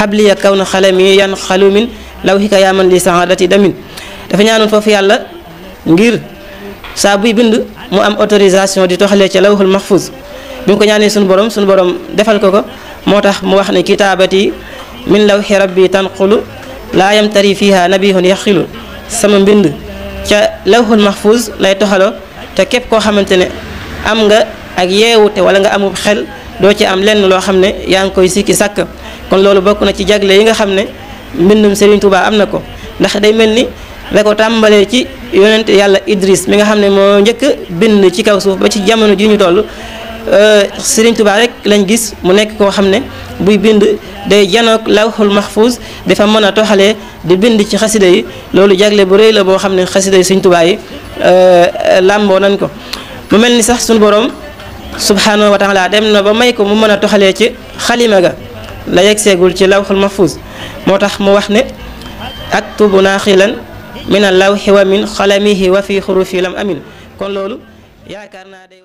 xabliya kaw na xalami yan xalumin law xika yaaman li saadati damin dafa ñaanoon foofu yàlla ngir saa buy bind mu am autorisation di toxalee ca lawhul mahfuz bi mu ko ñaanee suñu borom suñu borom defal ko ko moo tax mu wax ne kitaabati min lawxi rabbi tanqulu laa yamtari fiha nabihun yaqilu sama mbind ca lawhul mahfuz lay toxaloo te képp koo xamante ne am nga ak yeewute wala nga amub xel doo ci am lenn loo xam ne yaa ngi koy sikki sàkk kon loolu bokk na ci jagle yi nga xam ne mbindum Serigne Touba am na ko ndax day mel ni da ko tàmbalee ci yonent yàlla Idris mi nga xam ne moo njëkk bind ci kaw suuf ba ci jamono ji ñu toll euh, Serigne Touba rek lañ gis mu nekk koo xam ne buy bind day janoog lawxul mahfuz dafa mën a toxalee di bind ci xasida yi loolu jagle bu rëy la boo xam ne xasida yi Serigne yi euh, làmboo nañ ko mu mel ni sax suñu borom subhanahu wa taala dem na ba may ko mu mën a toxalee ci xalima ga لا يكسي يقول شيء لوح المفوز موتاح موحنة أكتب ناخلا من اللوح ومن خلمه وفي خروفي لم أمين كن لولو يا كارنادي